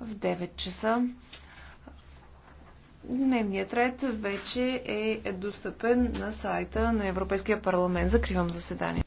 в 9 часа. Дневният ред вече е достъпен на сайта на Европейския парламент. Закривам заседание.